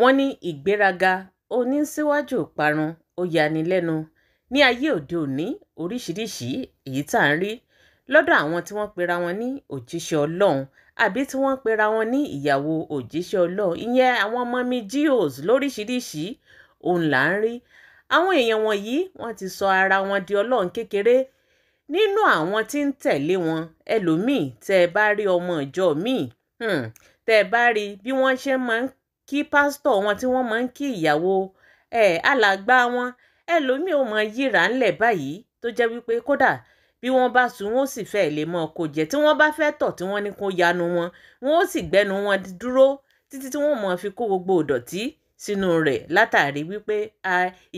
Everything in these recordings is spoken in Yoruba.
wọ́n ní ìgbéraga onísíwájú ìparun ó yani lẹ́nu ní ayé òde òní oríṣiríṣi èyí tá à ń rí lọ́dọ̀ àwọn tí wọ́n pera wọn ní òjíṣẹ́ ọlọ́run àbí tí wọ́n pera wọn ní ìyàwó òjíṣẹ́ ọlọ́run ìyẹn àwọn ọmọ mi geos lóríṣiríṣi òun là ń rí àwọn èèyàn wọ̀nyí wọ́n ti sọ ara wọn di ọlọ́run kékeré nínú àwọn tí ń tẹ̀lé wọn ẹlòmíì tẹ́ ẹ bá rí ọmọ ìjọ míì hmm, tẹ́ ẹ bá rí bí wọ́n ṣe máa ń kí pásítọ̀ wọn tí wọ́n máa ń kí ìyàwó ẹ̀ alàgbà wọn ẹlòmíì ò mọ yíra ńlẹ̀ báyìí tó jẹ́ wípé kódà bí wọ́n bá sùn wọ́n sì fẹ́ lè mọ kó jẹ́ tí wọ́n bá fẹ́ tọ̀ tí wọ́n ní kó yanu wọn wọ́n sì gbẹ́nu wọn dúró títí tí wọ́n mọ fi kó gbogbo ìdọ̀tí sínú rẹ̀ látàrí wípé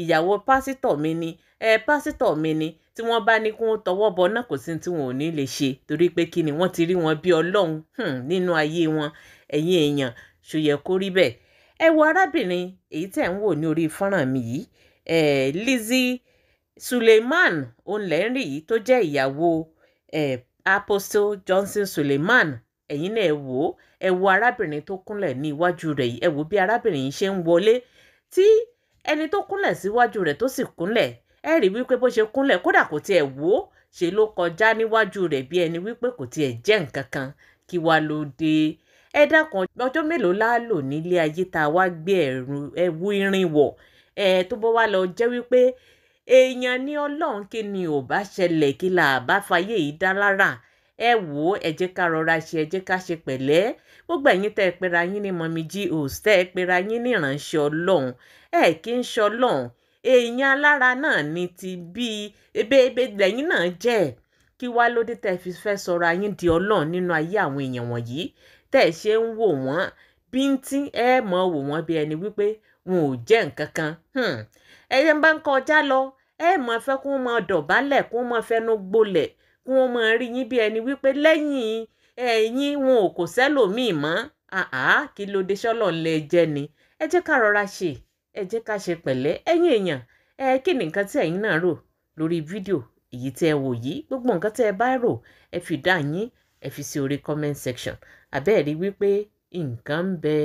ìyàwó pásítọ̀ mi ni ẹ pásítọ̀ mi ni tí wọ́n bá ní kó tọwọ́ bọ náà kò sí tí wọn ò ní lè ṣe torí pé kí ni wọ́n ti rí wọn bí ọlọ́run hmm, nínú ayé wọn ẹ̀yin èèyàn ṣòyẹ kó rí bẹ́ẹ̀ ẹ wo arábìnrin èyí tẹ̀ ń wò ní orí fọ́nrán mi yìí eh, Lizzie Suleiman onlẹ́rìn yìí tó jẹ́ ìyàwó eh, Apostle Johnson Suleiman ẹ̀yin náà ẹ wò ó ẹ wo arábìnrin tó kúnlẹ̀ ní iwájú rẹ̀ yìí ẹ wò bí arábìnrin yìí ṣe ń wọlé tí ẹni tó kúnlẹ̀ síwájú rẹ̀ tó sì kúnlẹ̀ ẹ rí wípé bó ṣe kúnlẹ̀ kódà kò tiẹ̀ wò ó ṣe ló kọjá níwájú rẹ̀ bí ẹni wípé kò tiẹ̀ jẹ́ nǹkan kan kí wàá ló dé ẹ dákun ọjọ́ mélòó láàlò nílé ayé tá a wá gbé ẹ̀rù ẹ̀wù irin wọ̀ ẹ̀ tó bọ́ wá lọ jẹ́ wípé èèyàn ní ọlọ́run kí ni ò bá ṣẹlẹ̀ kí là bá fayé yìí dá lára ẹ wò ó ẹ jẹ́ ká rọra ṣe ẹ jẹ́ ká ṣe pẹ̀lẹ́ gbogbo ẹ̀yin tẹ́ ẹ pera yín ní mọ̀mí gos tẹ́ ẹ pera yín ní ìránṣẹ́ ọlọ́run ẹ kí ń ṣe ọlọ́run èèyàn alára náà ni ti bíi ebébé lẹ́yìn náà jẹ́ kí wá lóde tẹ́ fi fẹ́ sọra yín di ọlọ́run nínú ayé àwọn èèyàn wọ̀nyí tẹ́ ẹ̀ ṣe ń wò wọ́n bíntín ẹ mọ̀ wò wọ́n bí ẹni wípé wọn ò jẹ́ nǹkan kan hmm. ẹyẹ ń bá ń kọjá lọ ẹ mọ̀ fẹ́ kó mọ dọ̀bálẹ̀ kó mọ fẹnu gbolẹ̀ kó mọ rí yín bí ẹni wípé lẹ́yìn ẹ̀yin wọn ò kò sẹ́lòmíì mọ́ àá kí ló dé sọ́lọ̀ ńlẹ̀ jẹ́ ni ẹ jẹ́ ká rọra ṣe ẹ jẹ́ ká ṣe pẹ̀lẹ́ ẹ̀yin èèyàn ẹ kí ni nǹkan tí ẹ̀yin náà rò lórí fídíò èyí tẹ́ ẹ wò yìí gbogbo nǹkan tẹ́ ẹ bá rò ẹ fi dá yín ẹ fi sí orí comment section àbẹ́ẹ̀rí wípé nǹkan ń bẹ